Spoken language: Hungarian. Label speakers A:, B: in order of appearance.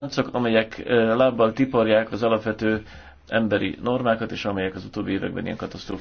A: csak amelyek lábbal tiparják az alapvető emberi normákat, és amelyek az utóbbi években ilyen katasztrófa